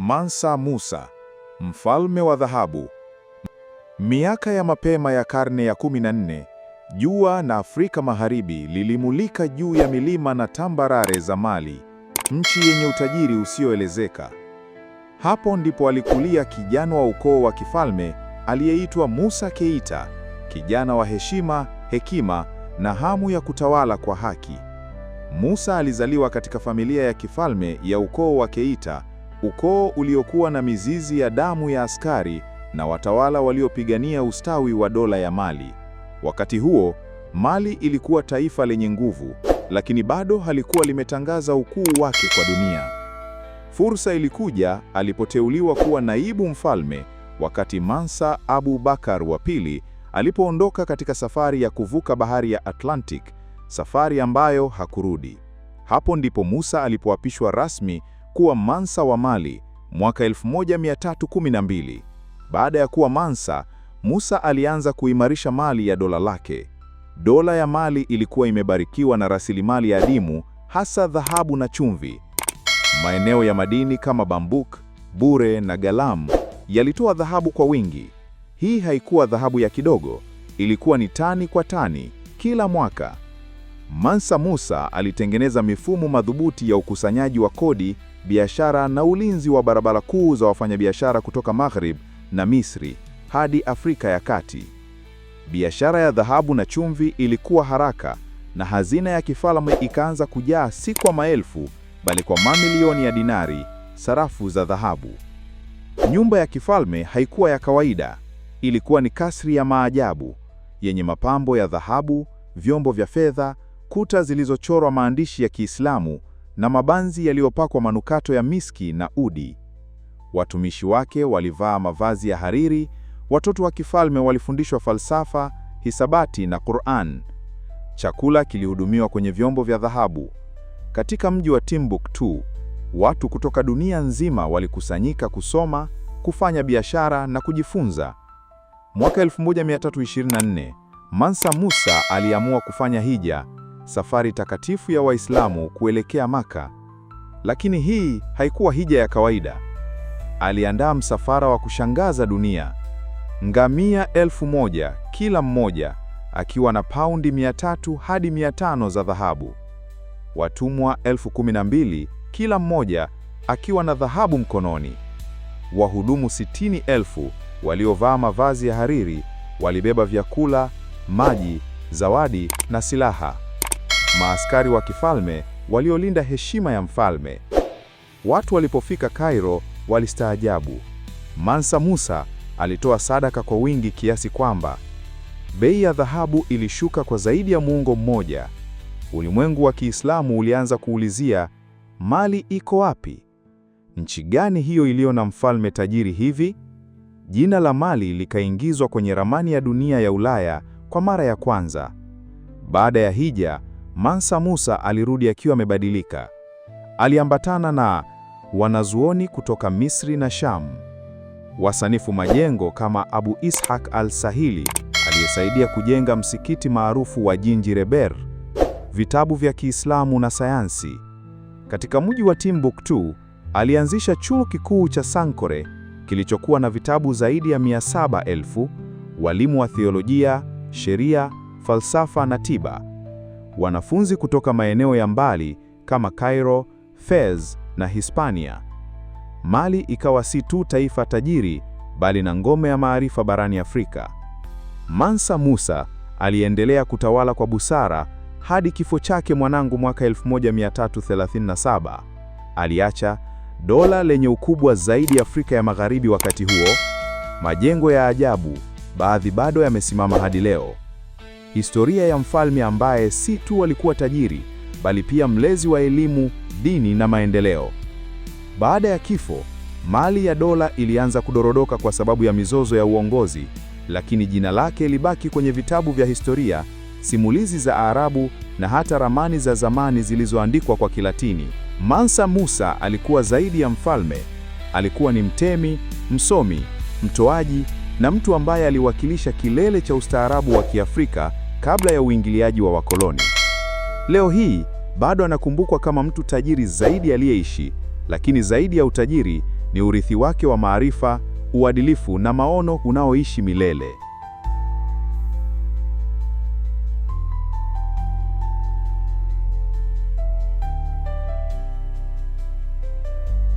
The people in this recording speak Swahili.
Mansa Musa, mfalme wa dhahabu. Miaka ya mapema ya karne ya 14, jua na Afrika Magharibi lilimulika juu ya milima na tambarare za Mali, nchi yenye utajiri usioelezeka. Hapo ndipo alikulia kijana wa ukoo wa kifalme aliyeitwa Musa Keita, kijana wa heshima, hekima na hamu ya kutawala kwa haki. Musa alizaliwa katika familia ya kifalme ya ukoo wa Keita ukoo uliokuwa na mizizi ya damu ya askari na watawala waliopigania ustawi wa dola ya Mali. Wakati huo, Mali ilikuwa taifa lenye nguvu, lakini bado halikuwa limetangaza ukuu wake kwa dunia. Fursa ilikuja alipoteuliwa kuwa naibu mfalme wakati Mansa Abu Bakar wa pili alipoondoka katika safari ya kuvuka bahari ya Atlantic, safari ambayo hakurudi. Hapo ndipo Musa alipoapishwa rasmi kuwa Mansa wa Mali mwaka 1312. Baada ya kuwa Mansa, Musa alianza kuimarisha Mali ya dola lake. Dola ya Mali ilikuwa imebarikiwa na rasilimali adimu, hasa dhahabu na chumvi. Maeneo ya madini kama Bambuk, Bure na Galam yalitoa dhahabu kwa wingi. Hii haikuwa dhahabu ya kidogo, ilikuwa ni tani kwa tani kila mwaka. Mansa Musa alitengeneza mifumo madhubuti ya ukusanyaji wa kodi, biashara na ulinzi wa barabara kuu za wafanyabiashara kutoka Maghrib na Misri hadi Afrika ya Kati. Biashara ya dhahabu na chumvi ilikuwa haraka na hazina ya kifalme ikaanza kujaa si kwa maelfu bali kwa mamilioni ya dinari, sarafu za dhahabu. Nyumba ya kifalme haikuwa ya kawaida. Ilikuwa ni kasri ya maajabu yenye mapambo ya dhahabu, vyombo vya fedha kuta zilizochorwa maandishi ya Kiislamu na mabanzi yaliyopakwa manukato ya miski na udi. Watumishi wake walivaa mavazi ya hariri, watoto wa kifalme walifundishwa falsafa, hisabati na Qur'an. Chakula kilihudumiwa kwenye vyombo vya dhahabu. Katika mji wa Timbuktu, watu kutoka dunia nzima walikusanyika kusoma, kufanya biashara na kujifunza. Mwaka 1324, Mansa Musa aliamua kufanya hija safari takatifu ya Waislamu kuelekea Maka. Lakini hii haikuwa hija ya kawaida. Aliandaa msafara wa kushangaza dunia, ngamia elfu moja kila mmoja akiwa na paundi tatu hadi tano za dhahabu, watumwa elfu kumi na mbili kila mmoja akiwa na dhahabu mkononi. Wahudumu sitini elfu waliovaa mavazi ya hariri walibeba vyakula, maji, zawadi na silaha maaskari wa kifalme waliolinda heshima ya mfalme. Watu walipofika kairo walistaajabu. Mansa Musa alitoa sadaka kwa wingi kiasi kwamba bei ya dhahabu ilishuka kwa zaidi ya muongo mmoja. Ulimwengu wa Kiislamu ulianza kuulizia, mali iko wapi? Nchi gani hiyo iliyo na mfalme tajiri hivi? Jina la Mali likaingizwa kwenye ramani ya dunia ya Ulaya kwa mara ya kwanza. Baada ya hija, Mansa Musa alirudi akiwa amebadilika. Aliambatana na wanazuoni kutoka Misri na Sham, wasanifu majengo kama Abu Ishaq al-Sahili aliyesaidia kujenga msikiti maarufu wa Jinjireber, vitabu vya Kiislamu na sayansi. Katika mji wa Timbuktu alianzisha chuo kikuu cha Sankore kilichokuwa na vitabu zaidi ya elfu, walimu wa theolojia, sheria, falsafa na tiba wanafunzi kutoka maeneo ya mbali kama Cairo, Fez na Hispania. Mali ikawa si tu taifa tajiri bali na ngome ya maarifa barani Afrika. Mansa Musa aliendelea kutawala kwa busara hadi kifo chake mwanangu mwaka 1337. Aliacha dola lenye ukubwa zaidi Afrika ya Magharibi wakati huo, majengo ya ajabu, baadhi bado yamesimama hadi leo historia ya mfalme ambaye si tu alikuwa tajiri, bali pia mlezi wa elimu, dini na maendeleo. Baada ya kifo, mali ya dola ilianza kudorodoka kwa sababu ya mizozo ya uongozi, lakini jina lake libaki kwenye vitabu vya historia, simulizi za Arabu na hata ramani za zamani zilizoandikwa kwa Kilatini. Mansa Musa alikuwa zaidi ya mfalme, alikuwa ni mtemi, msomi, mtoaji na mtu ambaye aliwakilisha kilele cha ustaarabu wa Kiafrika kabla ya uingiliaji wa wakoloni. Leo hii bado anakumbukwa kama mtu tajiri zaidi aliyeishi, lakini zaidi ya utajiri ni urithi wake wa maarifa, uadilifu na maono unaoishi milele.